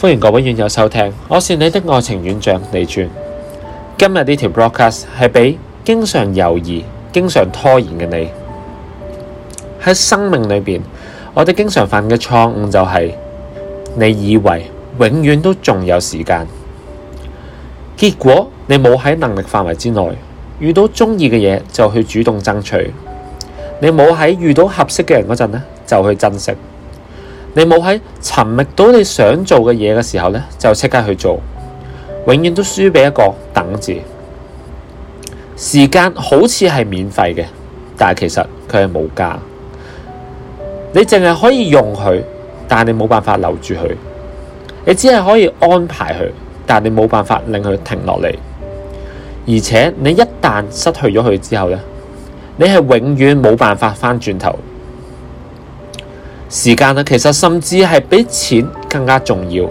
歡迎各位院友收聽，我是你的愛情院長李專。今日呢條 broadcast 係俾經常猶豫、經常拖延嘅你。喺生命裏邊，我哋經常犯嘅錯誤就係、是、你以為永遠都仲有時間，結果你冇喺能力範圍之內遇到中意嘅嘢，就去主動爭取，你冇喺遇到合適嘅人嗰陣咧就去珍惜。你冇喺尋覓到你想做嘅嘢嘅時候咧，就即刻去做，永遠都輸俾一個等字。時間好似係免費嘅，但係其實佢係無價。你淨係可以用佢，但係你冇辦法留住佢。你只係可以安排佢，但係你冇辦法令佢停落嚟。而且你一旦失去咗佢之後咧，你係永遠冇辦法返轉頭。時間啊，其實甚至係比錢更加重要，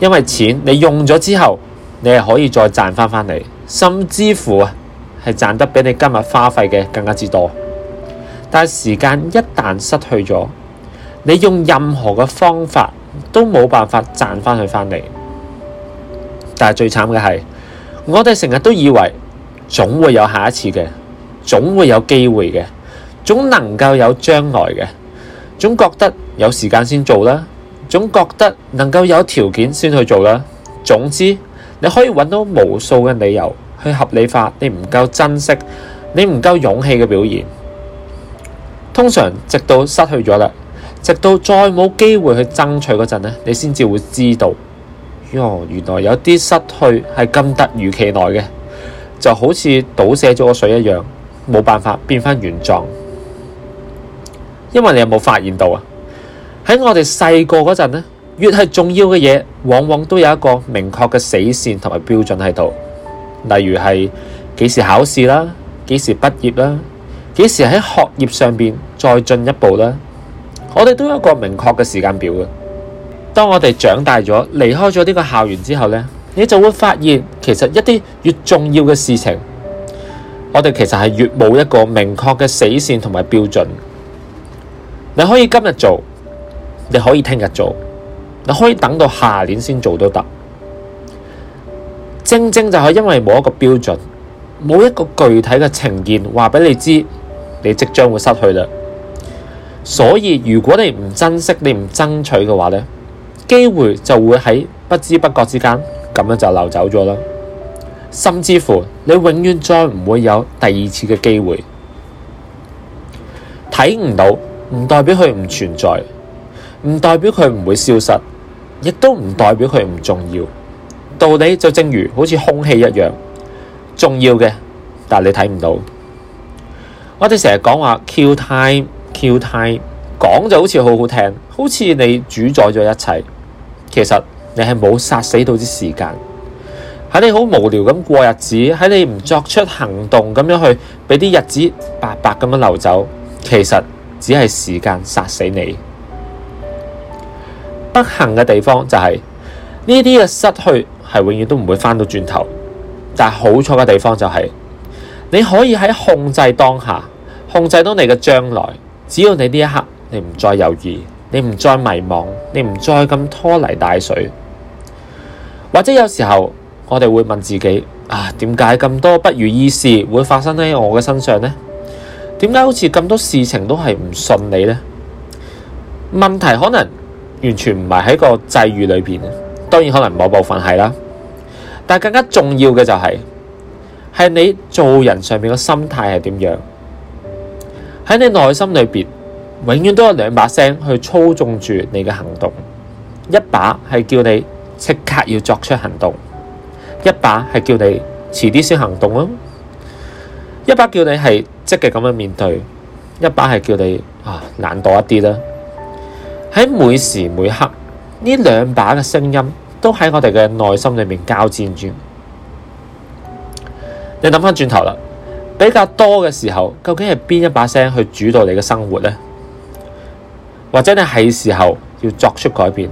因為錢你用咗之後，你係可以再賺返返嚟，甚至乎啊係賺得比你今日花費嘅更加之多。但係時間一旦失去咗，你用任何嘅方法都冇辦法賺返去返嚟。但係最慘嘅係，我哋成日都以為總會有下一次嘅，總會有機會嘅，總能夠有將來嘅。總覺得有時間先做啦，總覺得能夠有條件先去做啦。總之，你可以揾到無數嘅理由去合理化你唔夠珍惜、你唔夠勇氣嘅表現。通常直到失去咗啦，直到再冇機會去爭取嗰陣咧，你先至會知道，喲，原來有啲失去係咁突如其來嘅，就好似倒瀉咗個水一樣，冇辦法變翻原狀。因為你有冇發現到啊？喺我哋細個嗰陣咧，越係重要嘅嘢，往往都有一個明確嘅死綫同埋標準喺度。例如係幾時考試啦，幾時畢業啦，幾時喺學業上邊再進一步啦，我哋都有一個明確嘅時間表嘅。當我哋長大咗，離開咗呢個校園之後咧，你就會發現，其實一啲越重要嘅事情，我哋其實係越冇一個明確嘅死綫同埋標準。你可以今日做，你可以聽日做，你可以等到下年先做都得。正正就係因為冇一個標準，冇一個具體嘅呈現，話畀你知你即將會失去啦。所以如果你唔珍惜，你唔爭取嘅話咧，機會就會喺不知不覺之間咁樣就流走咗啦。甚至乎你永遠再唔會有第二次嘅機會，睇唔到。唔代表佢唔存在，唔代表佢唔會消失，亦都唔代表佢唔重要。道理就正如好似空氣一樣重要嘅，但係你睇唔到。我哋成日講話 kill time kill time，講就好似好好聽，好似你主宰咗一切。其實你係冇殺死到啲時間，喺你好無聊咁過日子，喺你唔作出行動咁樣去俾啲日子白白咁樣流走。其實。只係時間殺死你。不幸嘅地方就係呢啲嘅失去係永遠都唔會返到轉頭。但好彩嘅地方就係、是、你可以喺控制當下，控制到你嘅將來。只要你呢一刻你唔再猶豫，你唔再迷茫，你唔再咁拖泥帶水。或者有時候我哋會問自己：啊，點解咁多不如意事會發生喺我嘅身上呢？點解好似咁多事情都係唔順利呢？問題可能完全唔係喺個際遇裏邊，當然可能某部分係啦，但係更加重要嘅就係，係你做人上面嘅心態係點樣？喺你內心裏邊，永遠都有兩把聲去操縱住你嘅行動，一把係叫你即刻要作出行動，一把係叫你遲啲先行動啊！一把叫你係積極咁樣面對，一把係叫你啊懶惰一啲啦。喺每時每刻，呢兩把嘅聲音都喺我哋嘅內心裏面交戰住。你諗翻轉頭啦，比較多嘅時候，究竟係邊一把聲去主導你嘅生活呢？或者你係時候要作出改變，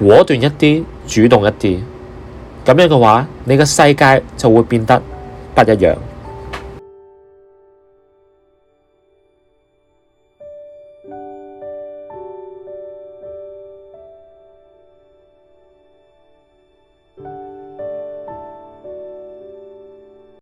果斷一啲，主動一啲，咁樣嘅話，你嘅世界就會變得不一樣。